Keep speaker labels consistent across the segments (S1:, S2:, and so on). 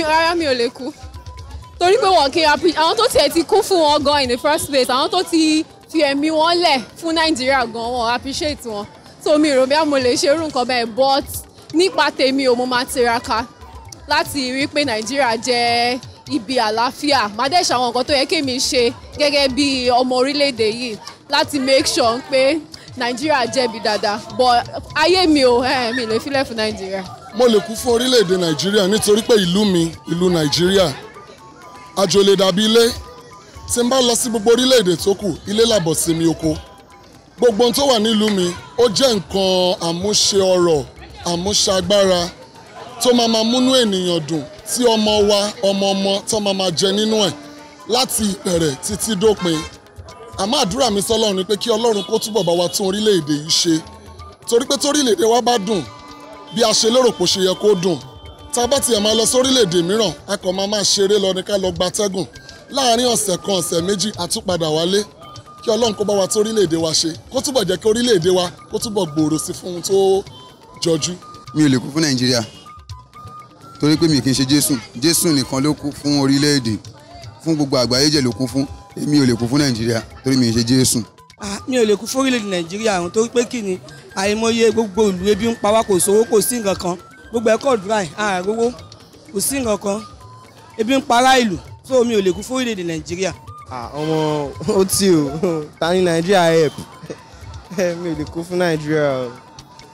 S1: mi rárá mi ò lè kú torí pé wọn kì í appreciate àwọn tó tiẹ̀ ti kú fún wọn gan in the first place àwọn tó ti fi ẹ̀mí wọn lẹ̀ fún nàìjíríà gan wọn appreciate wọn so mi rò bí a lè ṣe irú nǹkan bẹ́ẹ̀ but nípa tèmi ò mo máa tiraka láti rí pé nàìjíríà jẹ́ ibi àlàáfíà má dẹ̀ ṣe àwọn nǹkan tó yẹ kémi ṣe gẹ́gẹ́ bí ọmọ orílẹ̀-èdè yìí láti make sure pé nàìjíríà jẹ̀bi dada, but ayé mi ò eh, mi lè filẹ̀ fún nàìjíríà.
S2: mo lè kú fún orílẹ̀-èdè nàìjíríà nítorí pé ìlú mi ìlú nàìjíríà àjò lè dàbí ilé tí n bá lọ sí gbogbo orílẹ̀-èdè tó kù ilé làbọ̀ sí mi oko gbogbo ohun tó wà nílùú mi ó jẹ́ nǹkan àmúṣe ọrọ̀ àmúṣagbára tó máa máa múnú ènìyàn dùn tí ọmọ wa ọmọ ọmọ tó máa máa jẹ nínú ẹ̀ láti ìbẹ̀rẹ̀ títí dópin àmọ́ àdúrà mi sọ́lọ́run ni pé kí ọlọ́run kó túbọ̀ bá wa tún orílẹ̀-èdè yìí ṣe torí pé torílẹ̀-èdè wa bá dùn bí a ṣe lérò pò ṣe yẹ kó dùn tá a bá tiẹ̀ máa lọ sórílẹ̀-èdè mìíràn a kàn máa máa ṣeré lọ ní ká lọ gbatẹ́gùn láàárín ọ̀sẹ̀ kan ọ̀sẹ̀ méjì a tún padà wálé kí ọlọ́run kó bá wa tún orílẹ̀-èdè wa ṣe kó túbọ̀ jẹ́ kí orílẹ̀-èdè wa kó túbọ̀ gbòòrò sí fún un tó jọjú. mi ò lè kú fún nàìjíríà torí pé mi kì í ṣe jésù jésù nìkan ló kú fún orílẹ̀-èdè fún gbogbo àgbáyé jẹ́ ló kú fún èmi ò lè kú fún nàìjíríà torí mi ò ṣe jésù.
S1: mi ò lè kú fún orílẹ̀-èdè nàìjíríà àwọn torí pé kí ni àìmọye gbogbo ìlú ebi ń pa wá kò sówó kò sí nǹkan kan gbogbo ẹ̀kọ́ dry àrówó kò sí nǹkan kan ebi ń para ìlú so mi ò lè kú fún orílẹ̀-èdè nàìjíríà. ọmọ ó tí o ta ni nàìjíríà help mi ò lè kú fún nàìjíríà o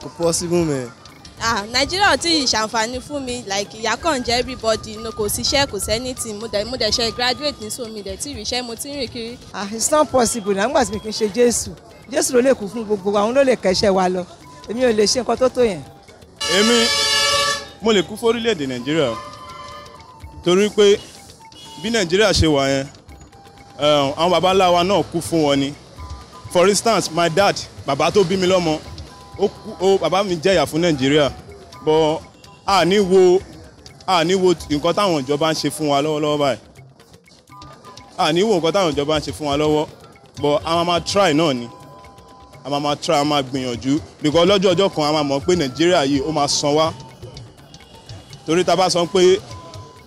S1: kò possible mẹ́ẹ̀
S3: ah Nigeria ò tí ì ṣàǹfààní fún mi like ìyà kàn jẹ everybody no kò síṣẹ́ kò sẹ́ni tì mo dẹ̀ mo dẹ̀ ṣe graduate ní sómi dẹ̀ tí ìrìṣẹ́ mo ti ń rìn kiri. ah it's not possible na nígbà tí mi kì í ṣe Jésù Jésù ló lè kú fún gbogbo àwọn ló lè kẹ́ṣẹ̀ wa lọ èmi ò lè ṣe nǹkan tó tó yẹn. èmi mo lè kú fórílẹ̀-èdè Nàìjíríà torí pé bí Nàìjíríà ṣe wà yẹn eh, àwọn baba ńlá wa náà kú fún wọn ni for instance my dad bàbá tó bí mi lọ́mọ ó bàbá mi jẹ̀yà fún nàìjíríà bọ́ a ní wo a ní wo nǹkan táwọn ìjọba ń ṣe fún wa lọ́wọ́lọ́wọ́ báyìí a ní wo nǹkan táwọn ìjọba ń ṣe fún wa lọ́wọ́ bọ́ a máa máa try náà ni a máa máa try a máa gbìyànjú because lọ́jọ́ ọjọ́ kan a máa mọ̀ pé nàìjíríà yìí ó máa san wá torí ta bá sọ pé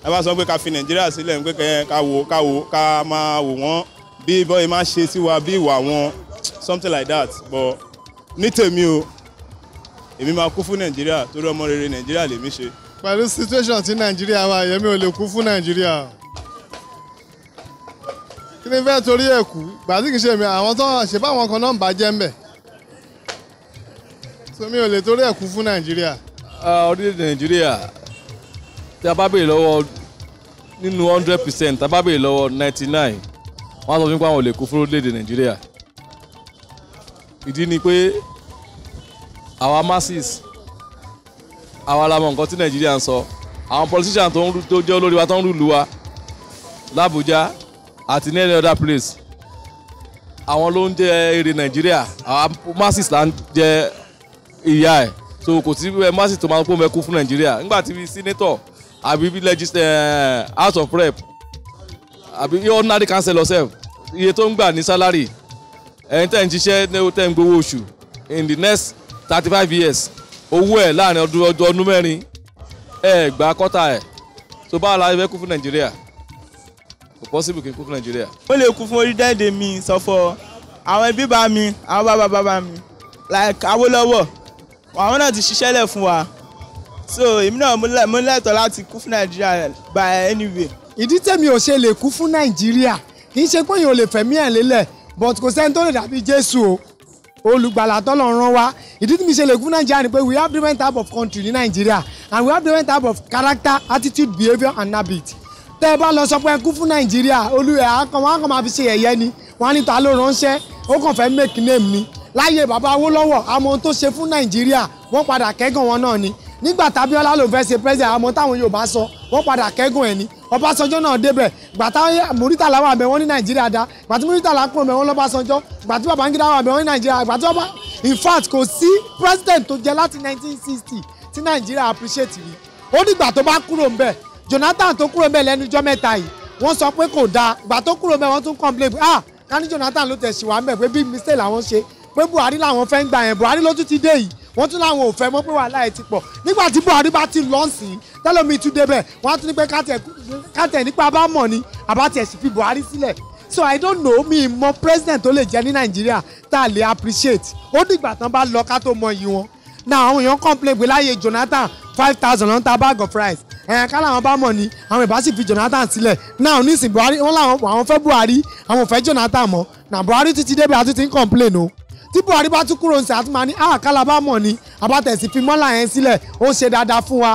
S3: ta bá sọ pé ká fi nàìjíríà sílẹ̀ pé ká wo ká wo ká máa wò wọ́n bí bọ́ọ̀ máa ṣe sí wa bí ìwà wọn something like that but ní tèmi o èmi máa kú fún nàìjíríà torí ọmọ rere nàìjíríà lèmi ṣe.
S1: pẹ̀lú situation tí nàìjíríà wà yẹmi ò lè kú fún nàìjíríà kí ni fẹ́ torí ẹ̀ kú gbàtí kì í ṣe mi àwọn tó ṣe báwọn kan náà ń bàjẹ́ ń bẹ̀ so ò lè torí ẹ̀ kú fún nàìjíríà.
S4: orílẹ̀-èdè nàìjíríà tí a bá béèrè lọ́wọ́ nínú hundred percent tí a bá béèrè lọ́wọ́ ninety nine wọ́n á sọ fún Our masses àwa la mọ nǹkan tí nàìjíríà ń sọ àwọn politician tó ń tó jẹ́ olórí wa tó ń lùlù wa làbújá àti ní any other place àwọn ló ń jẹ èrè nàìjíríà àwa masses là ń jẹ ìyá ẹ̀ so kò sí masses tó máa ń pò mẹ́kú fún nàìjíríà nígbà tí senator àbí eh, house of rep àbí ordinary councillor sef iye tó ń gbà ní salary ẹ̀yin tẹ̀ ń ṣiṣẹ́ tẹ̀ ń gbowó oṣù in the next thirty five years owó ẹ̀ láàrin ọdún ọjọ́ ọdún mẹ́rin ẹ̀ gba kọ́tà ẹ̀ tó bá la ẹgbẹ́ kú fún nàìjíríà kò pọ́sibù kí n kú fún nàìjíríà. mo lè kú fún orílẹ̀-èdè
S3: mi sọ̀fọ̀ àwọn ẹbí bá mi àwọn bàbá bàbá mi like Awólọ́wọ̀
S1: àwọn náà ti ṣiṣẹ́ lẹ̀ fún wa so èmi náà mo lẹ́tọ̀ọ́ láti kú fún nàìjíríà by anyway. ìdí tẹ̀mí ò ṣe lè kú fún nàìjíríà kì í ṣe pé èèyàn ò lè fẹ̀mí ẹ̀ lélẹ̀ but kò sẹ́ni tó lè dàbí jésù o olùgbàlà tọ́lọ̀ rán wa ìdí tí mi ṣe lè fún nàìjíríà ni pé we have different type of country ní nàìjíríà and we have different type of character attitude behaviour and habit tẹ́ ẹ bá lọ sọ pé ẹ kú fún nàìjíríà olùyẹ akọ̀mọ́ akọ̀mọ́ àfi ṣe yẹ̀yẹ́ ni wọ́n á ní ta ló ránṣẹ́ ó kàn fẹ́ make name ni láyé bàbá Awólọ́wọ̀ àmọ́ ohun tó ṣe fún nàìjíríà wọ́n padà kẹ́gàn wọn náà ni nígbà tábíọ́lá ló fẹ́ ṣe president àmọ́ táwọn Yorùbá sọ wọ́n padà kẹ́gùn ẹ̀ ni Ọbásanjọ́ náà débẹ̀ gbàtà Murtala wà bẹ̀ wọ́n ní Nàìjíríà dá gbàtí Murtala kúrò bẹ̀ wọ́n lọ́básanjọ́ gbàtí Babangida wà bẹ̀ wọ́n ní Nàìjíríà gbàtí ọba in fact kò sí president tó jẹ láti 1960 tí Nàìjíríà appreciate yìí ó dìgbà tó bá kúrò ń bẹ̀ Jonathan tó kúrò ń bẹ̀ lẹ́nu jọ́ mẹ́ta yìí wọ́n sọ pé kò dáa gbà tó kúrò ń bẹ̀ wọ́n tún complain ah ká ní Jonathan ló tẹ̀ ṣì wá ń bẹ̀ pé big mistake làwọn ṣe pé Buhari làwọn fẹ́ ń gbà yẹn Buhari ló tún ti dé yìí wọ́n tún láwọn ò fẹ́ mọ́ pé wàhálà ẹ̀ ti pọ̀ nígbà tí Buhari bá ti lọ́ọ̀ sí tẹ́lómi tún débẹ̀ wọ́n á tún ní pé kátẹ̀ nípa bá mọ̀ ni àbátẹ̀ sì fi Buhari sílẹ̀ so I don't know mi mọ president tó lè jẹ ní Nàìjíríà tá a lè appreciate ó dìgbà tán bá lọ ká tó mọ iyì wọn náà àwọn èèyàn complain pé láyé Jonathan five thousand ló ta bag of rice ẹ̀yàn ká làwọn bá mọ̀ ni àwọn ìbá sì fi Jonathan sílẹ̀ náà nísìnyí Buhari wọ́n làwọn fẹ́ Buhari àwọn ò fẹ́ Jonathan mọ́ náà Buhari títí débi àtúntí ń complain o. No? tí Buhari bá tún kúrò ń sè àti máa ní àkàlà ah, bá mọ̀ ni àbátẹ̀sí fi mọ́là yẹn sílẹ̀ ó ń ṣe dáadáa fún wa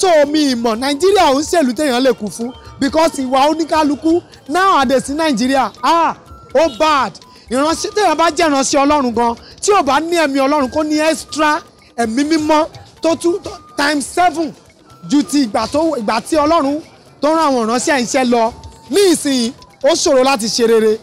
S1: so mi ìmọ̀ Nàìjíríà ò ń ṣèlú téèyàn lè kú fún because ìwà oníkálukú nowadays ní Nàìjíríà ah ó bad ìránṣẹ́ téèyàn bá jẹ́ ìránṣẹ́ Ọlọ́run gan tí ò bá ní ẹ̀mí Ọlọ́run kó ní extra ẹ̀mí mímọ́ tó tún times seven ju ti ìgbà tó ìgbà tí Ọlọ́run tó rán àwọn ìránṣẹ́ iṣẹ́ lọ ní ìsìn ó ṣòro láti ṣe rere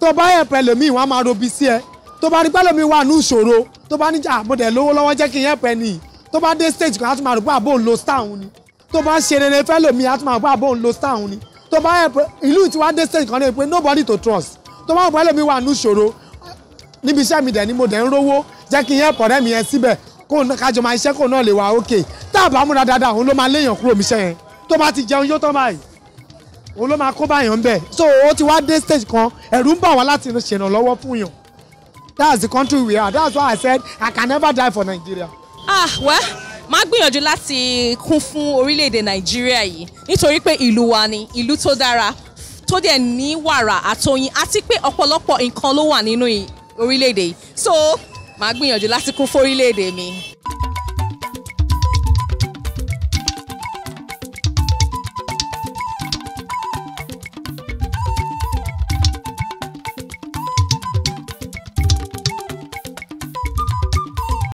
S1: tó bá yẹ pẹ̀lú mi ìwọ́n á máa robi sí ẹ tó bá rí pẹ́lú mi wà ní ìṣòro tó bá níjà mo dẹ̀ lówó lọ́wọ́ jẹ́ kí n yẹn pẹ́ nìyí tó bá dé stage kan á tún máa rò pé àbò ń lo star òun ni tó bá ń ṣe rere fẹ́lò mi á tún máa rò pé àbò ń lo star òun ni tó bá yẹ pé ìlú tí wàá dé stage kan ní pé nobody to trust tó bá rò pẹ́lú mi wà ní ìṣòro níbi iṣẹ́ mi dẹ̀ ni mo dẹ̀ ń rówó jẹ́ kí n yẹn pọ̀rẹ́ mi yẹn síbẹ̀ kájọ máa iṣẹ́ kò náà lè wà ókè tá a bá múra dáadáa òun ló máa léèyàn kúrò míṣẹ́ yẹn tó bá ti jẹun yóò tán báyìí òun ló máa kó báyàn ń bẹ̀ so ó ti wá dé stage kan ẹ̀rù ń bà wá láti ṣèrànlọ́wọ́ fún yàn that's the country we are that's why i said i can never die for nigeria. ah well máa gbìyànjú láti kún fún orílẹ̀-èdè nàìjíríà yìí nítorí pé ìlú wa ni ìlú tó dára tó dẹ̀ ní wàrà àtọyìn àti pé ọ̀pọ̀lọpọ̀ nǹkan ló wà nínú orílẹ̀-èdè yìí so máa gbìyànjú láti kún fún orílẹ̀-èdè mi.